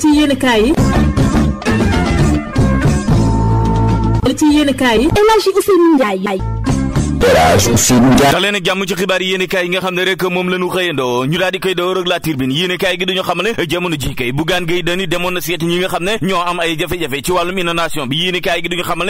ci yéenekaay yi ci yéenekaay yi El Hadji Ousseynou forage jàmm ci xibaar yéenekaay yi nga xam ne rek moom la ñu xëyandoo ñu daal di koy doo ak la turbine yéenekaay gi dañu xam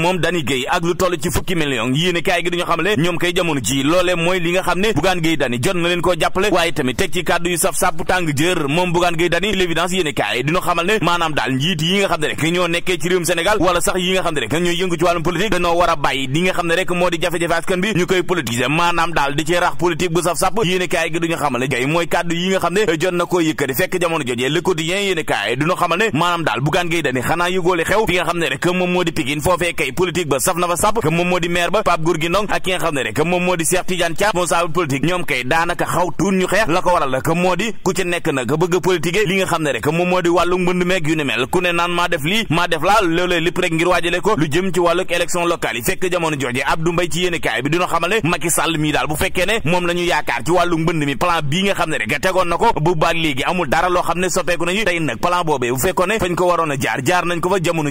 moom Dany Gueye ak lu toll ci fukki million yéenekaay gi dañu xam ñoom kay jamono ji loolee mooy li nga xam ne Bougane Gueye Dany jot na leen ko jàppale waaye tamit teg ci kàddu yu saf sàpp tàng jër moom Bougane Gueye dani l'évidence yéen kaay xamal ne maanaam daal njiit yi nga xam ne rek ñoo nekkee ci réewum Sénégal wala sax yi nga xam ne rek ñooy moom moo di Pikine foofee kay politique ba saf na fa sàpp moom moo di maire ba Pape Gorgui ak ki nga xam ne rek moom moo di Cheikh Tidiane Dia responsable politique ñoom kay daanaka xaw tuun ñu xeex la ko waral rek moo di ku ci nekk nag bëgg politique lijjante li nga xam ne rek moom moo di wàllu mbënd meeg yu ni mel ku ne naan maa def lii maa def laa loolee lépp rek ngir waajale ko lu jëm ci wàlluk élection locale yi fekk jamono jooje Abdou Mbaye ci yéenekaay bi dina xamal ne Macky Sall mii daal bu fekkee ne moom la yaakaar ci wàllu mbënd mi plan bii nga xam ne rek tegoon na ko bu baag léegi amul dara loo xam ne soppeeku nañu tey nag plan boobee bu fekkoon ne fañ ko waroon a jaar jaar nañ ko fa jamono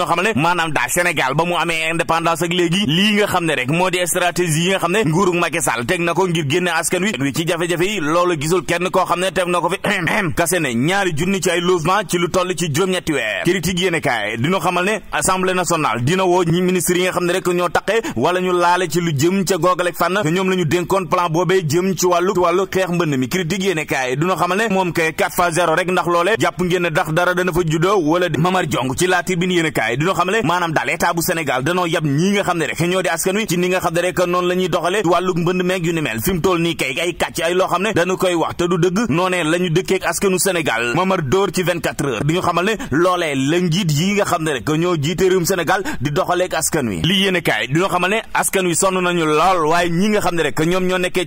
ñoo xam ne maanaam daal Sénégal ba mu amee indépendance ak léegi lii nga xam ne rek moo di stratégie yi nga xam ne nguurug Macky Sall na ko ngir génne askan wi ci jafe-jafe yi loolu gisul kenn koo xam ne teg na ko fi kase ne ñaari junni ci ay logement ci lu toll ci juróom-ñetti weer critique yéene kaay dina xamal ne assemblée nationale dina woo ministre yi nga xam ne rek ñoo taqee wala ñu laale ci lu jëm ca googalek fànn ñoom la ñu dénkoon plan boobee jëm ci wàllu ci wàllu xeex mbënn mi critique yéene kaay dina xamal ne kaay dina xamale maanaam daal état bu Sénégal danoo yab ñi nga xam ne rek ñoo di askan wi ci ni nga xam ne rek noonu la ñuy doxale wàllug mbënd meeg yu ni mel fi mu toll nii kay ay kàcc ay loo xam ne dañu koy wax te du dëgg noonee la dëkkeek askanu Sénégal Mamar Dóor ci 24 xamal ne loolee la njiit yi nga xam ne rek ñoo jiite réewum Sénégal di doxaleek askan wi li yéene kaay xamal ne askan wi sonn nañu lool waaye ñi nga xam ne rek ñoom ñoo nekkee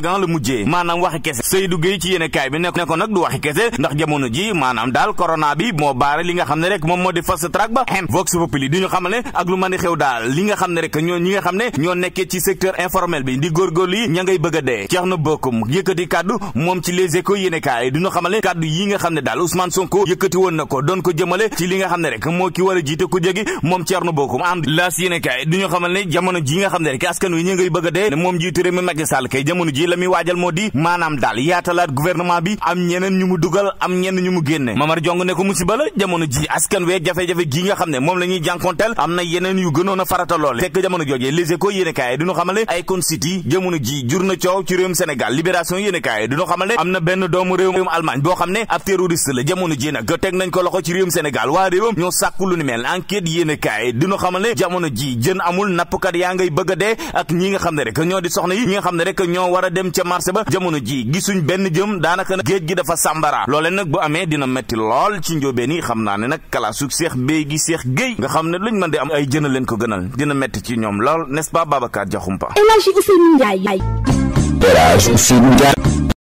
slogan la mujjee maanaam waxi kese Seydou Gueye ci yéenekaay bi ne nag du waxi kese ndax jamono ji maanaam daal corona bi moo baare li nga xam ne rek moom a ci secteur informel bi di góorgóorlu xamal ne kàddu yi nga xam ne daal Ousmane Sonko yëkkati woon na ko doon ko jëmale ci li nga xam ne rek moo ki war a jiite ku jégi moom Thierno Bocoum ànd laas yéenekaay di ñu xamal ne jamono ji nga xam ne rek askan wi ñu ngay bëgg moom jiitu réew mi Macky Sall kay jamono la muy waajal moo di maanaam daal yaatalaat gouvernement bi am ñeneen ñu mu dugal am ñenn ñu mu génne Mamar Jong ne ko musiba la jamono ji askan wee jafe-jafe gi nga xam ne moom la ñuy am na yeneen yu gënoon a farata loole fekk jamono joojee Les Échos yéene kaay duñu xamale am na benn doomu réewum Allemagne boo xam ne ab terroriste la jamono ji nag teg nañ ko loxo ci réewum Sénégal waa réewam ñoo sàkku lu ni mel enquête yéene kaay duñu xamale a a dem ca marché ba jamono ji gisuñ benn jëm daanaka nag géej gi dafa sàmbara loolee nag bu amee dina metti lool ci njóobeen ni xam naa ne nag kalaasug seex béy gi seex géy nga xam ne luñ mën di am ay jën leen ko gënal dina metti ci ñoom lool n'est-ce pas Babacar Diakhoumpa